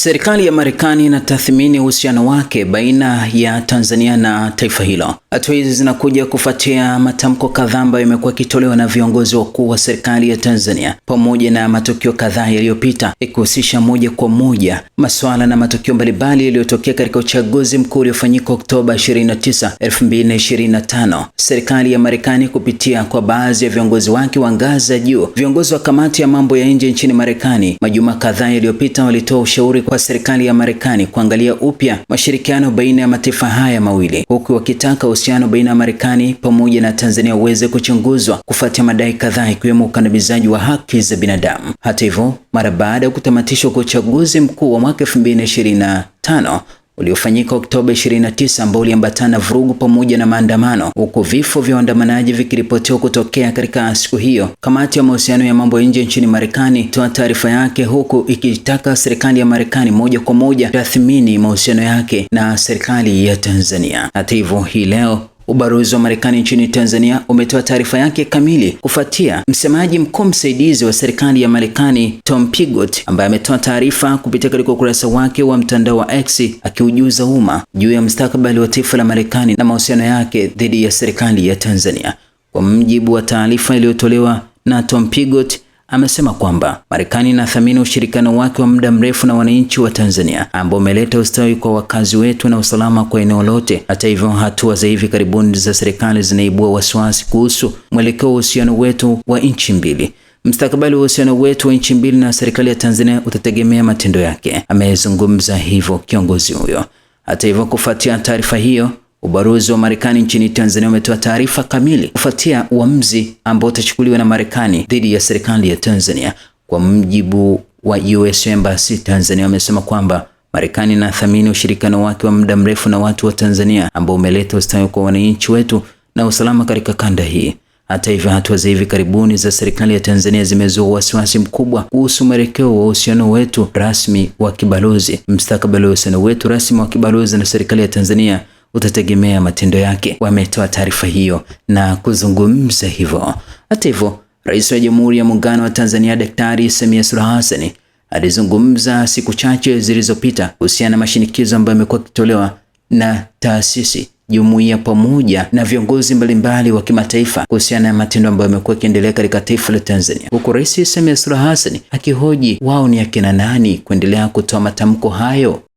Serikali ya Marekani inatathmini uhusiano wake baina ya Tanzania na taifa hilo. Hatua hizi zinakuja kufuatia matamko kadhaa ambayo yamekuwa yakitolewa na viongozi wakuu wa serikali ya Tanzania pamoja na matukio kadhaa yaliyopita ikihusisha moja kwa moja masuala na matukio mbalimbali yaliyotokea katika uchaguzi mkuu uliofanyika Oktoba 29, 2025. Serikali ya Marekani kupitia kwa baadhi ya viongozi wake wa ngazi za juu, viongozi wa kamati ya mambo ya nje nchini Marekani, majuma kadhaa yaliyopita walitoa ushauri kwa serikali ya Marekani kuangalia upya mashirikiano baina ya mataifa haya mawili huku wakitaka uhusiano baina ya Marekani pamoja na Tanzania uweze kuchunguzwa kufuatia madai kadhaa ikiwemo ukandamizaji wa haki za binadamu. Hata hivyo, mara baada ya kutamatishwa kwa uchaguzi mkuu wa mwaka 2025 uliofanyika Oktoba 29 ambao uliambatana vurugu pamoja na maandamano, huku vifo vya waandamanaji vikiripotiwa kutokea katika siku hiyo. Kamati ya mahusiano ya mambo ya nje nchini Marekani toa taarifa yake huku ikitaka serikali ya Marekani moja kwa moja tathmini mahusiano yake na serikali ya Tanzania. Hata hivyo, hii leo Ubalozi wa Marekani nchini Tanzania umetoa taarifa yake kamili kufuatia msemaji mkuu msaidizi wa serikali ya Marekani Tom Pigott ambaye ametoa taarifa kupitia katika ukurasa wake wa mtandao wa X akiujuza umma juu ya mustakabali wa taifa la Marekani na mahusiano yake dhidi ya serikali ya Tanzania. Kwa mjibu wa taarifa iliyotolewa na Tom Pigott amesema kwamba Marekani inathamini ushirikiano wake wa muda mrefu na wananchi wa Tanzania ambao umeleta ustawi kwa wakazi wetu na usalama kwa eneo lote. Hata hivyo, hatua za hivi karibuni za serikali zinaibua wasiwasi kuhusu mwelekeo wa uhusiano wetu wa nchi mbili. mstakabali wa uhusiano wetu wa nchi mbili na serikali ya Tanzania utategemea matendo yake, amezungumza hivyo kiongozi huyo. Hata hivyo, kufuatia taarifa hiyo Ubalozi wa Marekani nchini Tanzania umetoa taarifa kamili kufuatia uamuzi ambao utachukuliwa na Marekani dhidi ya serikali ya Tanzania. Kwa mjibu wa US Embassy Tanzania, wamesema kwamba Marekani inathamini ushirikiano wake wa muda mrefu na watu wa Tanzania ambao umeleta ustawi kwa wananchi wetu na usalama katika kanda hii. Hata hivyo, hatua za hivi karibuni za serikali ya Tanzania zimezua wasiwasi mkubwa kuhusu mwelekeo wa uhusiano wetu rasmi wa kibalozi, mstakabali wa uhusiano wetu rasmi wa kibalozi na serikali ya Tanzania utategemea matendo yake. Wametoa taarifa hiyo na kuzungumza hivyo. Hata hivyo, Rais wa Jamhuri ya Muungano wa Tanzania Daktari Samia Suluhu Hassan alizungumza siku chache zilizopita kuhusiana na mashinikizo ambayo yamekuwa yakitolewa na taasisi jumuiya pamoja na viongozi mbalimbali wa kimataifa kuhusiana na matendo ambayo yamekuwa yakiendelea katika taifa la Tanzania, huku Rais Samia Suluhu Hassan akihoji wao ni akina nani kuendelea kutoa matamko hayo